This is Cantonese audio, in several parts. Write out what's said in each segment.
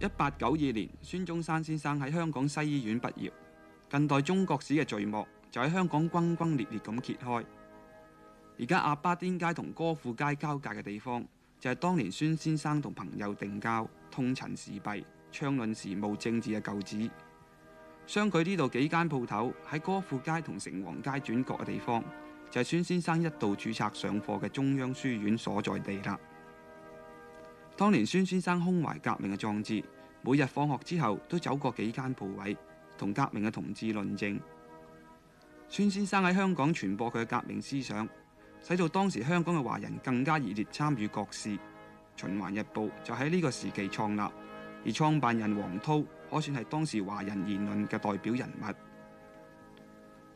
一八九二年，孫中山先生喺香港西醫院畢業，近代中國史嘅序幕就喺香港轟轟烈烈咁揭開。而家鴨巴甸街同歌賦街交界嘅地方，就係、是、當年孫先生同朋友定交、痛陳時弊、暢論時務政治嘅舊址。相距呢度幾間鋪頭喺歌賦街同城皇街轉角嘅地方，就係、是、孫先生一度註冊上課嘅中央書院所在地啦。當年孫先生胸懷革命嘅壯志，每日放學之後都走過幾間鋪位，同革命嘅同志論政。孫先生喺香港傳播佢嘅革命思想，使到當時香港嘅華人更加熱烈參與國事。循環日報就喺呢個時期創立，而創辦人王韜可算係當時華人言論嘅代表人物。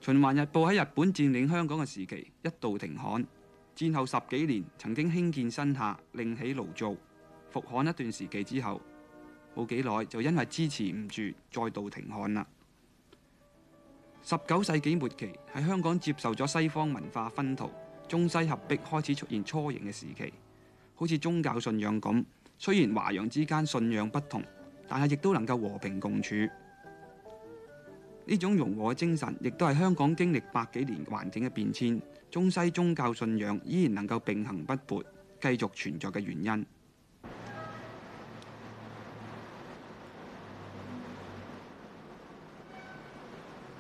循環日報喺日本佔領香港嘅時期一度停刊，戰後十幾年曾經興建新廈，另起爐灶。復刊一段時期之後，冇幾耐就因為支持唔住，再度停刊啦。十九世紀末期喺香港接受咗西方文化熏陶，中西合璧開始出現雛形嘅時期，好似宗教信仰咁。雖然華洋之間信仰不同，但係亦都能夠和平共處。呢種融和嘅精神，亦都係香港經歷百幾年環境嘅變遷，中西宗教信仰依然能夠並行不悖，繼續存在嘅原因。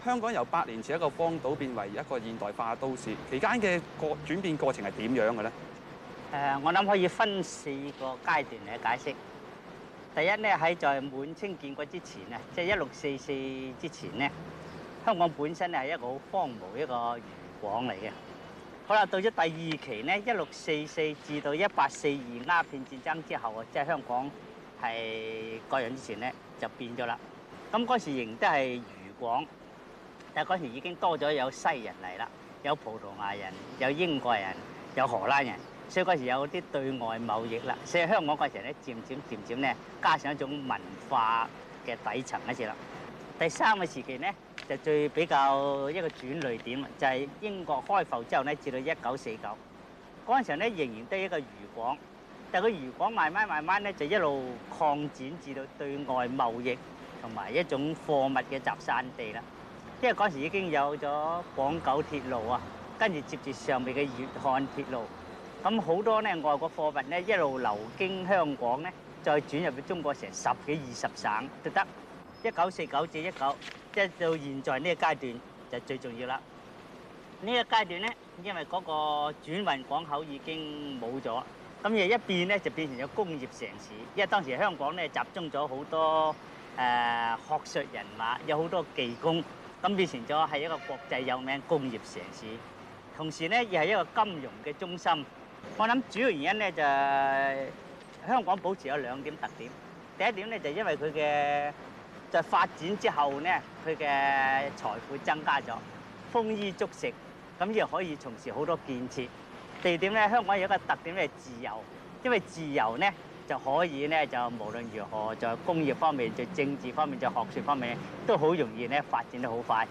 香港由百年前一個荒島變為一個現代化都市，期間嘅過轉變過程係點樣嘅咧？誒、呃，我諗可以分四個階段嚟解釋。第一咧，喺在，在滿清建國之前啊，即係一六四四之前咧，香港本身係一個好荒蕪一個漁港嚟嘅。好啦，到咗第二期咧，一六四四至到一八四二鴉片戰爭之後啊，即、就、係、是、香港係割讓之前咧，就變咗啦。咁嗰時仍都係漁港。但嗰時已經多咗有西人嚟啦，有葡萄牙人、有英國人、有荷蘭人，所以嗰時有啲對外貿易啦。所以香港嗰陣時咧，漸漸漸漸咧，加上一種文化嘅底層一次啦。第三個時期咧，就最比較一個轉捩點，就係英國開埠之後咧，至到一九四九嗰陣時咧，仍然都係一個漁港，但個漁港慢慢慢慢咧，就一路擴展至到對外貿易同埋一種貨物嘅集散地啦。因為嗰時已經有咗廣九鐵路啊，跟住接住上面嘅粵漢鐵路，咁好多咧外國貨物咧一路流經香港咧，再轉入去中國成十幾二十省都得。一九四九至一九，即係到現在呢個階段就最重要啦。呢個階段咧，因為嗰個轉運港口已經冇咗，咁而一變咧就變成咗工業城市。因為當時香港咧集中咗好多誒學術人馬，有好多技工。咁變成咗係一個國際有名工業城市，同時咧亦係一個金融嘅中心。我諗主要原因咧就香港保持有兩點特點。第一點咧就因為佢嘅在發展之後咧，佢嘅財富增加咗，豐衣足食，咁亦可以從事好多建設。第二點咧，香港有一個特點係自由，因為自由咧。就可以咧，就無論如何，在工業方面、在政治方面、在學術方面，都好容易咧發展得好快。